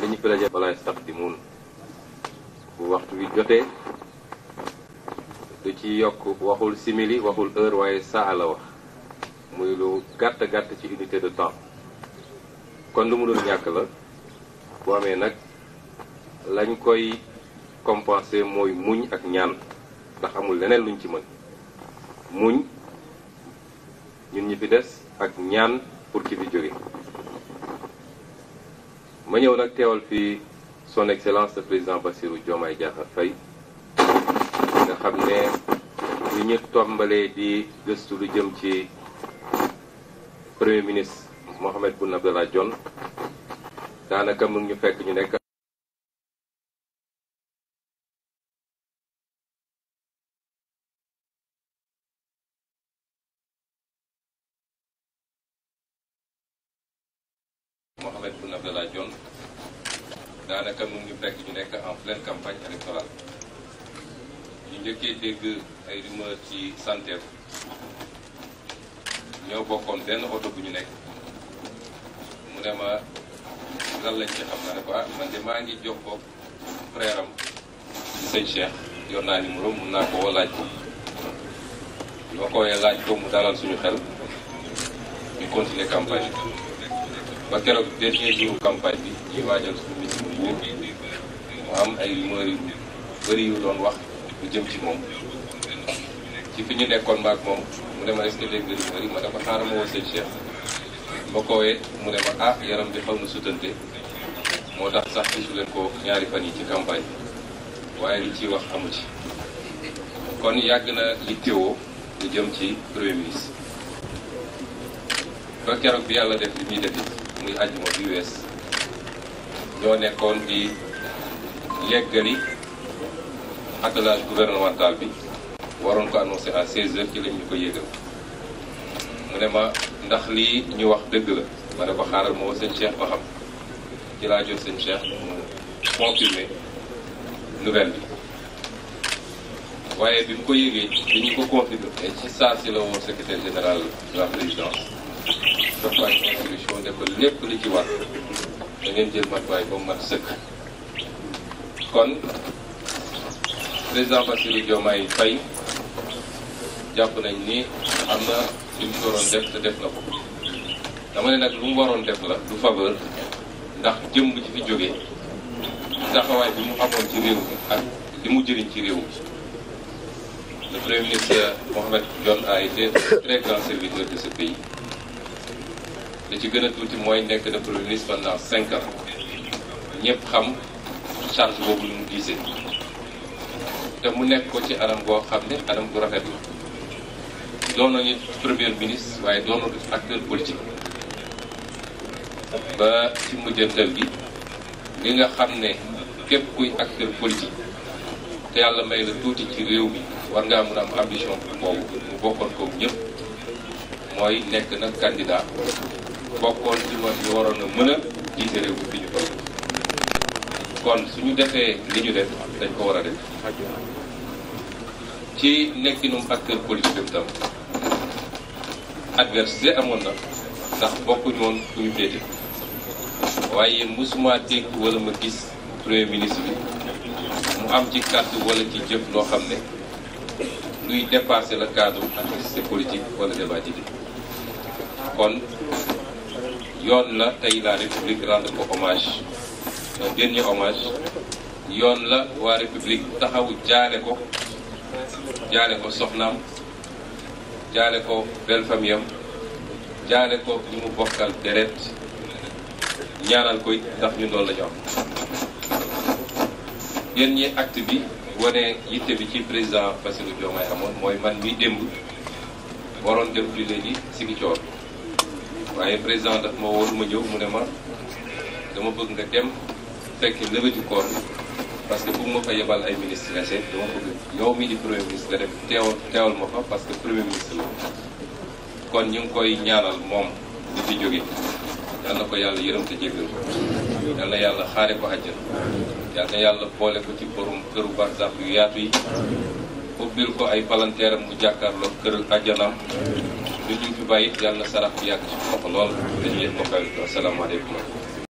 dañu fi daje balaa yastaqdimuun bu waxtu wi jotee lu ci yokk waxul simili waxul heure waaye saa la wax muy lu gàtt gàtt ci unité de temps kon lu mu doon ñàkk la bu amee nag lañ koy compenser mooy muñ ak ñaan ndax amul leneen luñ ci mën muñ ñun ñi fi des ak ñaan pour ki fi jóge ma ñëw nag teewal fii son excellence le président Bassirou Diomaye Diakhar Faye nga xam ne li ñu tombalee di gëstu lu jëm ci premier ministre Mohamed Boun Abdallah Dionne daanaka mu ñu fekk ñu nekk Mohamed Boun Abdallah Dionne daanaka mu ngi fekk ñu nekk en pleine campagne électorale ñu njëkkee dégg ay rumeur ci santeem ñoo bokkoon benn oto bu ñu nekk mu ne ma lan lañ ci xam na ne ko ah man de maa ngi jox ko frère am sëñ Cheikh mun naa ko woo laaj ko ñoo ko laaj ko mu dalal suñu xel ñu continuer campagne ba keroog dernier jour campagne bi ñuy mu am ay rumeur yu doon wax lu jëm ci moom ci fi ñu nekkoon maag moom mu ne ma est-ce que dégg nga rumeur ma dafa xaaral ma woo seen Cheikh mu ne ma ah yaram bi xaw na sutante moo tax sax gisu leen ko ñaari fan yi ci campagne waaye li ci wax amu ci kon yàgg na li téwoo lu jëm ci premier ministre ba keroog bi yàlla def li muy muy àjjuma bi wees ñoo nekkoon di yeggali attelage gouvernemental bi waroon ko annoncé à 16 heures ci lañ ko yégal mu ne ma ndax lii ñu wax dëgg la ma ne ko xaaral moo seen Cheikh ba xam ci laa jot seen Cheikh mu confirmé nouvelle bi waaye bi mu ko yégee ñu ko confirmé ci saa si la woon secrétaire général de la présidence taxawaay institution ne ko lépp li ci war dangeen jël matuwaay ba mu mat sëkk. kon président Bassirou Diomaye Faye jàpp nañ ni am na lu mu waroon def te def na ko dama ne nag lu mu waroon def la du faveur ndax jëmm ci fi jógee taxawaay bi mu amoon ci réew mi ak li mu jëriñ ci réew mi. Le Premier ministre Mohamed Dionne a été très grand de ce pays. li ci gën a tuuti mooy nekk na premier ministre pendant cinq ans ñëpp xam charge boobu lu mu diisee te mu nekk ko ci anam boo xam ne anam bu rafet la doon nañu premier ministre waaye doon nañu acteur politique ba ci mujjantal gi li nga xam ne képp kuy acteur politique te yàlla may la tuuti ci réew mi war ngaa mën am ambition boobu mu bokkoon ko ñëpp mooy nekk na candidat bokkoon ci wax ñu waroon na mën a jiite réew bi fi ñu toll kon suñu defee li ñu def dañ ko war a def ci nekkinum ak politique bi tam adversité amoon na ndax bokkuñu woon fu ñu waaye mosuma dégg wala ma gis premier ministre bi mu am ci kàddu wala ci jëf loo xam ne luy dépasser le cadre adversité politique wala débat ji kon yoon la tey la république rendre ko hommage un euh, dernier hommage yoon la waa république taxawu jaale ko jaale ko soxnaam jaale ko belle famille am jaale ko ñu mu bokkal deret ñaanal ko ndax ñun loolu la ñu am dernier acte bi wane yitte bi ci président Bassirou Diomaye amoon mooy man mi démb waroon dem jullee ji Ziguinchor waaye président daf ma woo ma ñëw mu ne ma dama bëgg nga dem fekki levée du corps parce que pour ma fa yebal ay ministres nga seet dama bëgg yow mi di premier ministre nga dem teewal teewal ma fa parce que premier ministre la kon ñu ngi koy ñaanal moom di fi jóge yal ko yàlla yërëm jéggal yàlla xaare ko àjjana yàlla boole ko ci borom këru barzak yu yaatu yi ubbil ko ay palanteeram mu jàkkarloo kër àjjanaam li ñu fi bàyyi yàlla na sarax bi yàgg ci lool dañu leen ko fay asalaamaaleykum